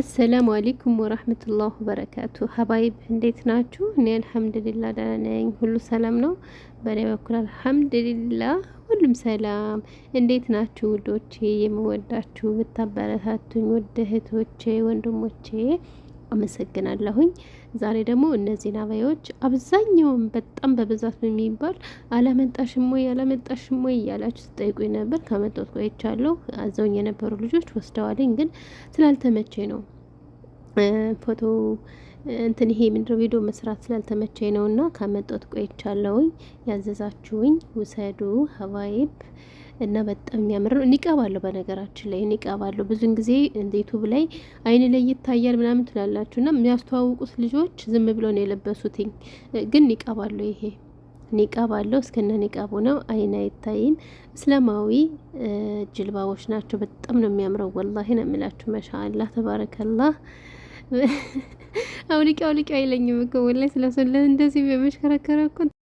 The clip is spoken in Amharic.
አሰላሙ አሌይኩም ወራህመቱላሁ በረካቱ ሀባይብ እንዴት ናችሁ? እኔ አልሐምድሊላ ደህና ነኝ። ሁሉ ሰላም ነው በእኔ በኩል አልሐምድሊላ፣ ሁሉም ሰላም። እንዴት ናችሁ ውዶቼ? የምወዳችሁ ብታበረታቱኝ ውድ እህቶቼ ወንድሞቼ አመሰግናለሁኝ። ዛሬ ደግሞ እነዚህን አበያዎች አብዛኛውን በጣም በብዛት የሚባል አለመጣሽም ወይ አለመጣሽም ወይ እያላችሁ ስጠይቁኝ ነበር። ከመጣት ቆይቻለሁ። አዘውኝ የነበሩ ልጆች ወስደዋልኝ፣ ግን ስላልተመቼ ነው ፎቶ እንትን ይሄ ምንድነው ቪዲዮ መስራት ስላልተመቸኝ ነው እና ከመጣት ቆይቻለሁኝ። ያዘዛችሁኝ ውሰዱ ሀባይብ እና በጣም የሚያምር ነው። ኒቃባለሁ በነገራችን ላይ ኒቃባለሁ። ብዙን ጊዜ እንደ ዩቱብ ላይ አይን ላይ ይታያል ምናምን ትላላችሁ እና የሚያስተዋውቁት ልጆች ዝም ብለው ነው የለበሱትኝ፣ ግን ኒቃባለሁ ይሄ ኒቃባለሁ እስከነ ኒቃቡ ነው። አይን አይታይም። እስላማዊ ጅልባቦች ናቸው። በጣም ነው የሚያምረው። ወላሂ ነው የሚላችሁ። መሻአላህ ተባረከላህ። አውልቂ አውልቂ አይለኝም እኮ ወላሂ ስለሰለ እንደዚህ በመሽከረከረ እኮ